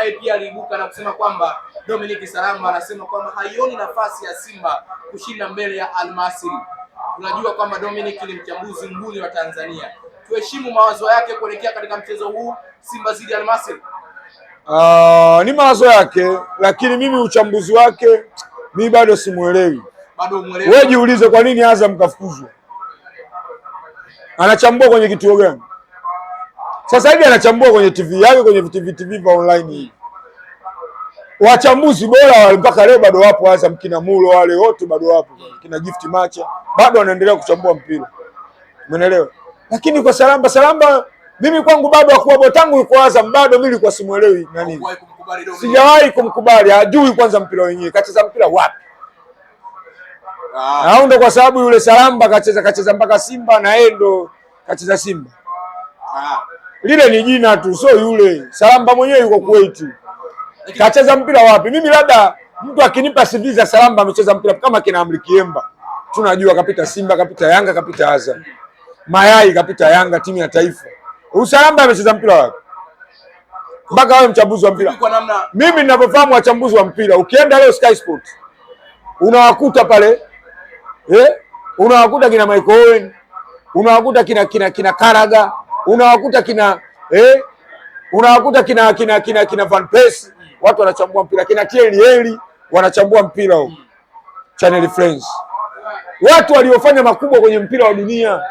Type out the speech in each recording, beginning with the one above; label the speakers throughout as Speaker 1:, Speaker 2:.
Speaker 1: naye pia aliibuka na kusema kwamba Dominic Salamba anasema kwamba haioni nafasi ya Simba kushinda mbele ya Almasiri. Tunajua kwamba Dominic ni mchambuzi nguli wa Tanzania, tuheshimu mawazo yake kuelekea katika mchezo huu Simba zidi Almasiri. Uh, ah, ni mawazo yake, lakini mimi uchambuzi wake mimi bado simuelewi. Bado umuelewi? Wewe jiulize, kwa nini Azam kafukuzwa? Anachambua kwenye kituo gani? Sasa hivi anachambua kwenye TV yake kwenye TV TV vya online hii. Wachambuzi bora wale mpaka leo bado wapo, hasa mkina Mulo wale wote bado wapo, kina Gift Macha bado wanaendelea kuchambua mpira. Umeelewa? Lakini kwa Salamba Salamba mimi kwangu bado hakuwa tangu yuko Azam bado mimi nilikuwa simuelewi nani. Sijawahi kumkubali, hajui kwanza mpira wenyewe, kacheza mpira wapi? Ah. Au ndo kwa sababu yule Salamba kacheza kacheza mpaka Simba na Endo kacheza Simba. Ah lile ni jina tu, sio yule. Salamba mwenyewe yuko Kuwait, kacheza mpira wapi? Mimi labda mtu akinipa CV za Salamba amecheza mpira kama kina Amri Kiemba, tunajua kapita Simba, kapita Yanga, kapita Azam, Mayai kapita Yanga, timu ya taifa. Usalamba amecheza mpira wapi? mpaka wewe mchambuzi wa mpira mimi ninavyofahamu wachambuzi wa mpira, ukienda leo Sky Sport unawakuta pale eh? unawakuta kina Michael Owen unawakuta kina kina kina Karaga unawakuta kina eh, unawakuta kina kina kina kina Van Persie watu wanachambua mpira, kina Thierry wanachambua mpira huo Channel Friends, watu waliofanya makubwa kwenye mpira wa dunia,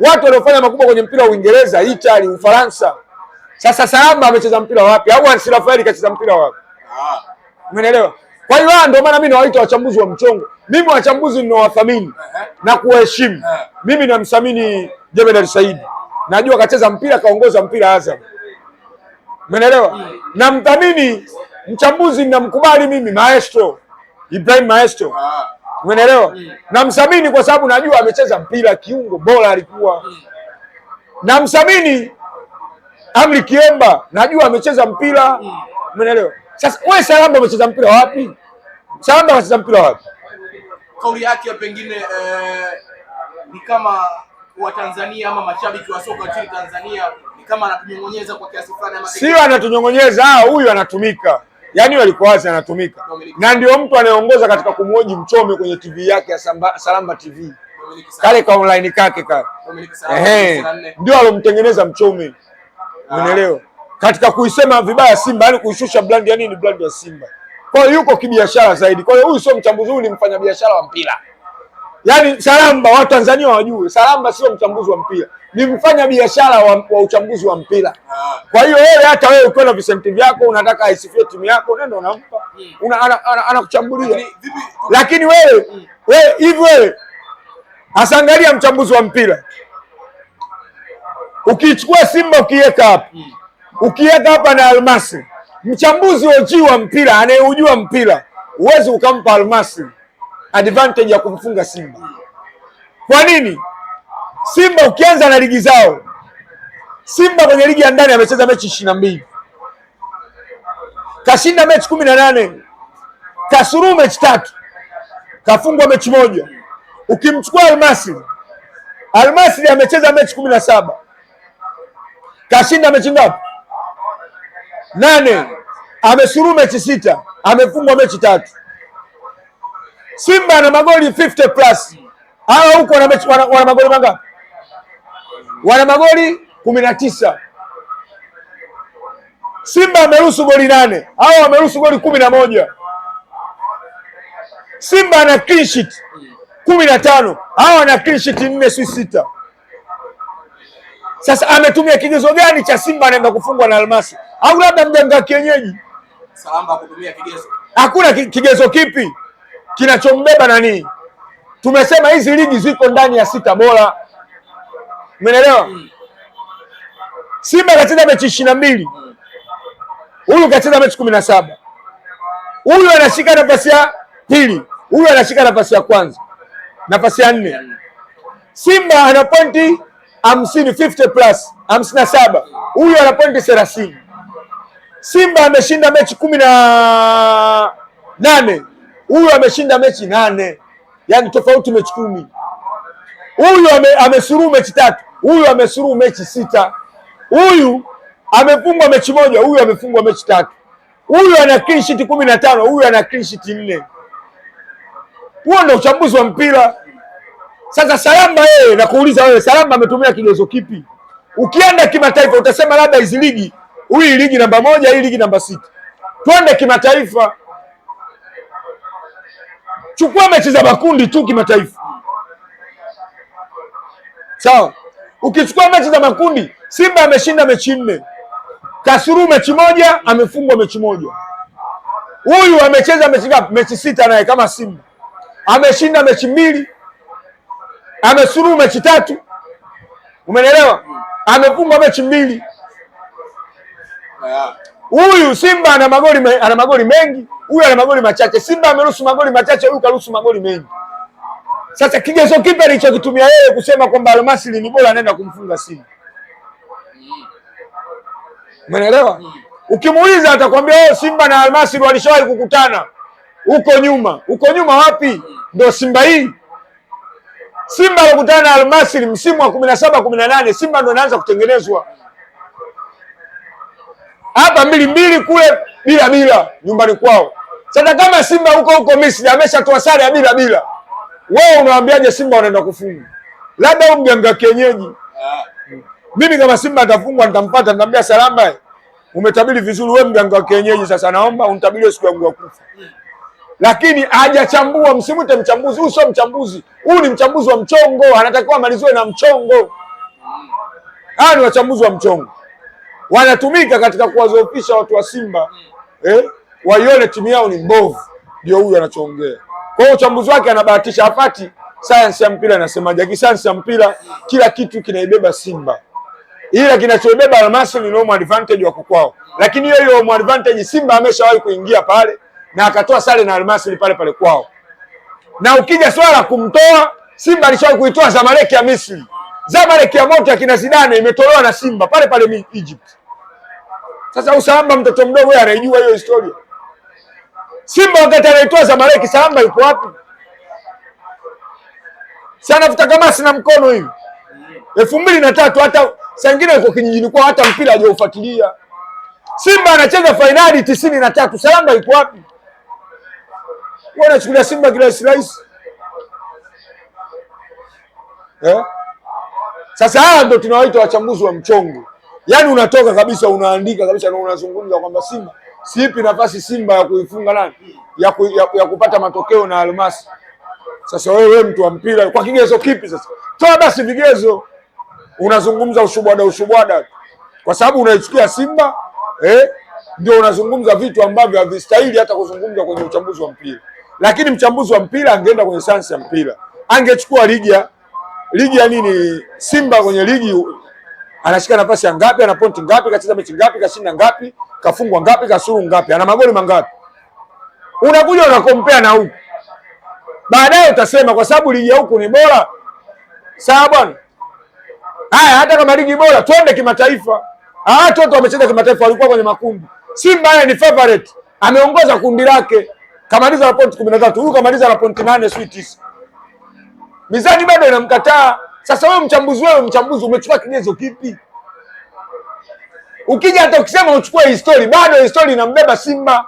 Speaker 1: watu waliofanya makubwa kwenye mpira wa Uingereza, Italy, Ufaransa. Sasa Samba amecheza mpira wapi? Au Ansi Rafael kacheza mpira wapi? Umeelewa? Kwa hiyo ndio maana mimi nawaita wachambuzi wa mchongo. Mimi wachambuzi ninawathamini na kuwaheshimu. Mimi namthamini Jebedari Saidi najua kacheza mpira kaongoza mpira Azam, umeelewa? Na mchambuzi namkubali mimi Maestro Ibrahim Maestro, umeelewa? Namthamini kwa sababu najua amecheza mpira, kiungo bora alikuwa. Namthamini Amri Kiemba, najua amecheza mpira, umeelewa? Sasa wewe Salamba umecheza mpira wapi? Salamba amecheza mpira wapi? Kauli yake pengine eh, ni kama wa Tanzania ama mashabiki wa soka nchini Tanzania ni kama anatunyong'onyeza kwa kiasi fulani ama sio? Anatunyong'onyeza, ah, huyu anatumika, yaani walikuwa wazi anatumika, na ndio mtu anayeongoza katika kumhoji Mchome kwenye TV yake ya Samba, Salamba TV kale ka online kake kale, ehe, ndio alomtengeneza Mchome, umeelewa? Katika kuisema vibaya Simba, yani kuishusha brand ya nini, brand ya Simba. Kwa hiyo yuko kibiashara zaidi. Kwa hiyo huyu sio mchambuzi, huyu ni mfanyabiashara wa mpira. Yaani Salamba tanzania wajue, Salamba sio mchambuzi wa mpira, ni mfanya biashara wa, wa uchambuzi wa mpira. Kwa hiyo wewe hata wewe ukiwa na visenti vyako unataka aisifie timu yako, nenda unampa anakuchambulia hmm. ana, ana, lakini wewe hmm. wewe hivi wewe asangalia mchambuzi wa mpira, ukichukua Simba ukiweka hapa hmm. ukiweka hapa na Almasi, mchambuzi wa wa mpira anayeujua mpira, huwezi ukampa Almasi advantage ya kumfunga Simba. Kwa nini? Simba ukianza na ligi zao, Simba kwenye ligi ya ndani amecheza mechi ishirini na mbili kashinda mechi kumi na nane kasuruhu mechi tatu kafungwa mechi moja. Ukimchukua Almasiri, Almasiri amecheza mechi kumi na saba kashinda mechi ngapi? Nane. Amesuruhu mechi sita amefungwa mechi tatu. Simba ana magoli 50 plus. Hawa huko wana, wana, wana magoli mangapi? Wana magoli kumi na tisa. Simba ameruhusu goli nane, hawa wameruhusu goli kumi na moja. Simba ana clean sheet kumi na tano, hawa wana clean sheet nne, si sita. Sasa ametumia kigezo gani cha Simba anaenda kufungwa na Almasi? Au labda mjanga kienyeji? Salamba kutumia kigezo, hakuna kigezo kipi kinachombeba nani? Tumesema hizi ligi ziko ndani ya sita bora, umeelewa? Simba kacheza mechi ishirini na mbili, huyu kacheza mechi kumi na saba. Huyu anashika nafasi ya pili, huyu anashika nafasi ya kwanza, nafasi ya nne. Simba ana pointi hamsini, 50 plus hamsini na saba, huyu ana pointi thelathini. Simba ameshinda mechi kumi na nane Huyu ameshinda mechi nane, yani tofauti mechi kumi. Huyu amesuruhu ame mechi tatu, huyu amesuruhu mechi sita. Huyu amefungwa mechi moja, huyu amefungwa mechi tatu. Huyu ana clean sheet kumi na tano, huyu ana clean sheet nne. Huo ndio uchambuzi wa mpira. Sasa Salamba yeye, eh, nakuuliza wewe, Salamba ametumia kigezo kipi? Ukienda kimataifa utasema labda hizi ligi, hii ligi namba moja, hii ligi namba sita. Twende kimataifa chukua mechi za makundi tu kimataifa, sawa. Ukichukua mechi za makundi, Simba ameshinda mechi nne, kasuru mechi moja, amefungwa mechi moja. Huyu amecheza mechi ngapi? Mechi sita, naye kama Simba ameshinda mechi mbili, amesuru mechi tatu, umenelewa? Amefungwa mechi mbili. Huyu Simba ana magoli ana magoli mengi, huyu ana magoli machache. Simba ameruhusu magoli machache, huyu karuhusu magoli mengi. Sasa kigezo kipi alichokitumia yeye kusema kwamba Almasri ni bora anaenda kumfunga Simba? Umeelewa? Ukimuuliza atakwambia wewe, oh, Simba na Almasri walishawahi kukutana huko nyuma. Huko nyuma wapi? Ndio Simba hii. Simba alikutana na Almasri msimu wa kumi na saba kumi na nane Simba ndo anaanza kutengenezwa hapa mbili mbili, kule bila bila nyumbani kwao. Sasa kama Simba huko huko Misri ameshatoa sare ya bila bila, wewe unawaambiaje Simba wanaenda kufunga? Labda huyu mganga kienyeji. Mimi kama Simba atafungwa nitampata, nitamwambia salama, umetabiri vizuri wewe mganga wa kienyeji. Sasa naomba unitabiri siku yangu ya kufa. Lakini hajachambua, msimute mchambuzi. Huyu sio mchambuzi, huyu ni mchambuzi wa mchongo, anatakiwa amaliziwe na mchongo. Hawa ni wachambuzi wa mchongo wanatumika katika kuwazoofisha watu wa Simba eh, waione timu yao ni mbovu. Ndio huyu anachoongea. Kwa hiyo uchambuzi wake anabahatisha, hapati sayansi ya mpira inasemaje. Kisayansi ya mpira kila kitu kinaibeba Simba, ila kinachoibeba Almasry ni home advantage wa kwao, lakini hiyo hiyo home advantage Simba ameshawahi kuingia pale na akatoa sare na Almasry pale pale kwao, na ukija swala kumtoa Simba alishawahi kuitoa Zamalek ya Misri, Zamalek ya moto ya kina Zidane imetolewa na Simba pale pale Egypt. Sasa Usamba mtoto mdogo yeye anaijua hiyo historia. Simba wakati anaitoa Zamaleki, Samba yuko wapi? Si anafuta kama na mkono hivi elfu mbili na tatu hata saa ingine uko kijijini kwao, hata mpira hajaufuatilia. Simba anacheza fainali tisini na tatu Samba yuko wapi? Wanachukulia Simba kirahisi rahisi eh? Sasa hawa ndio tunawaita wachambuzi wa mchongo yani unatoka kabisa unaandika kabisa na unazungumza kwamba Simba siipi nafasi Simba ya kuifunga nani ya, ku, ya, ya kupata matokeo na Almasi. Sasa wewe mtu wa mpira kwa kigezo kipi sasa? Toa basi vigezo, unazungumza ushubwada ushubwada kwa sababu unaichukia Simba eh? Ndio unazungumza vitu ambavyo havistahili hata kuzungumza kwenye uchambuzi wa mpira. Lakini mchambuzi wa mpira angeenda kwenye sayansi ya mpira, angechukua ligi ya ligi ya nini Simba kwenye ligi anashika nafasi ya ngapi, ana pointi ngapi, kacheza mechi ngapi, kashinda ngapi, kafungwa ngapi, kasuru ngapi, ana magoli mangapi? Unakuja unakompea na huku, baadaye utasema kwa sababu ligi ya huku ni bora. Sawa bwana, haya, hata kama ligi bora, twende kimataifa. Ah, watoto wamecheza kimataifa, walikuwa kwenye makundi. Simba yeye ni favorite, ameongoza kundi lake, kamaliza na pointi kumi na tatu, huyu kamaliza na pointi nane sio tisa, mizani bado inamkataa. Sasa wewe mchambuzi, wewe mchambuzi, umechukua kigezo kipi? Ukija hata ukisema uchukue histori, bado histori inambeba Simba.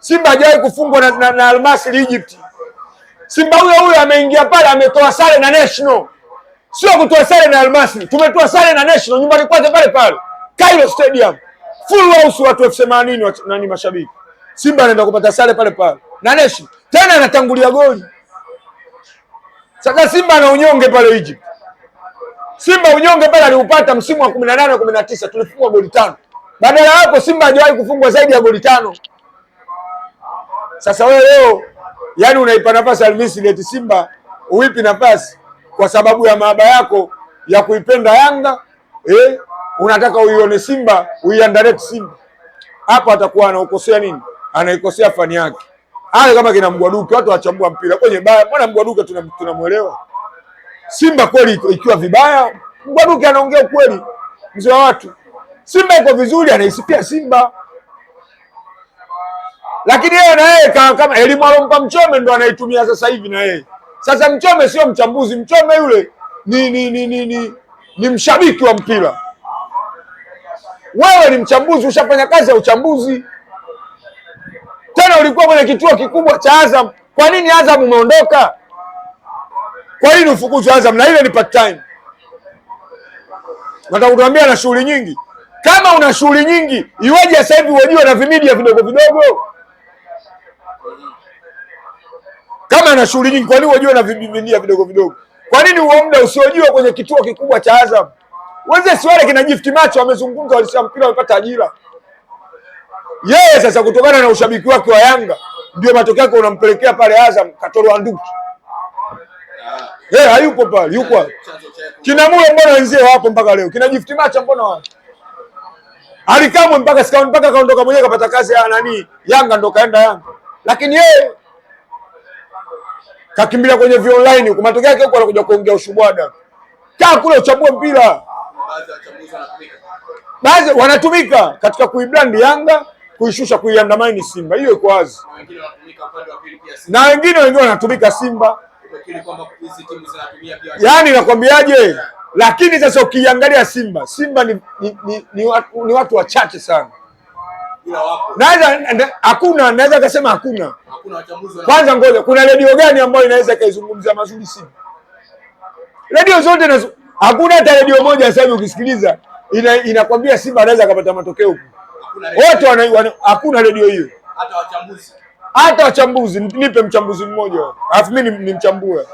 Speaker 1: Simba hajawahi kufungwa na, na, na Almasri Egypt. Simba huyo huyo ameingia pale ametoa sare na National, sio kutoa sare na Almasri, tumetoa sare na National nyumbani kwake pale pale Cairo Stadium, full house, watu elfu themanini nani mashabiki. Simba anaenda kupata sare pale pale na National, tena anatangulia goli. Sasa Simba ana unyonge pale Egypt. Simba unyonge pale aliupata msimu wa kumi na nane kumi na tisa tulifungwa goli tano. Badala yako Simba hajawahi kufungwa zaidi ya goli tano. Sasa wewe leo yani unaipa nafasi Al Masry eti Simba uipi nafasi kwa sababu ya maaba yako ya kuipenda Yanga eh? Unataka uione Simba uiandarete Simba hapo, atakuwa anaukosea nini? Anaikosea fani yake. Haya, kama kina Mgwaduke, watu wachambua mpira kwenye baya, mbona Mgwaduke tunamwelewa? tuna Simba kweli ikiwa vibaya, Mbwaduke anaongea ukweli, mzee wa watu. Simba iko vizuri, anaisipia Simba, lakini yeye na yeye kama elimu alompa Mchome ndo anaitumia sasa hivi na yeye sasa. Mchome sio mchambuzi, Mchome yule ni ni ni ni, ni, ni mshabiki wa mpira. Wewe ni mchambuzi, ushafanya kazi ya uchambuzi, tena ulikuwa kwenye kituo kikubwa cha Azam. Kwa nini Azam umeondoka? Kwa nini ufukuzwe Azam na ile ni part time? Nataka kutuambia na shughuli nyingi. Kama una shughuli nyingi, iweje sasa hivi wajua na vimedia vidogo vidogo? Kama ana shughuli nyingi, kwa nini wajua na vimedia vidogo vidogo? Kwa nini huo muda usiojua kwenye kituo kikubwa cha Azam? Wazee siwale kina Gift Macho wamezungumza, walisema mpira wamepata ajira. Yeye sasa kutokana na ushabiki wake wa Yanga ndio matokeo yake unampelekea pale Azam katoro anduki. Eh, hayupo pale, yuko wapi? Kina Mule mbona wenzie wapo mpaka leo? Kina Gift Macha mbona wapi? Alikamwe mpaka sikao mpaka kaondoka mwenyewe kapata kazi ya nani? Yanga ndo kaenda Yanga. Lakini yeye kakimbilia kwenye vi online huko, matokeo yake huko anakuja kuongea ushubwada. Kaa kule uchambue mpira. Baadhi wanatumika katika kuibrand Yanga, kuishusha, kuiandamaini Simba. Hiyo iko wazi. Na wengine wengine wanatumika Simba yani nakwambiaje? Lakini sasa ukiangalia Simba, Simba ni, ni, ni, ni, watu, ni watu wachache sana naweza hakuna, naweza kasema hakuna. Kwanza ngoja, kuna redio gani ambayo inaweza ikaizungumza mazuri Simba? Redio zote na hakuna hata redio moja sasa hivi ukisikiliza ina, inakwambia Simba anaweza akapata matokeo wote hakuna redio hiyo. Hata wachambuzi hata wachambuzi nipe mchambuzi mmoja, alafu mimi nimchambue.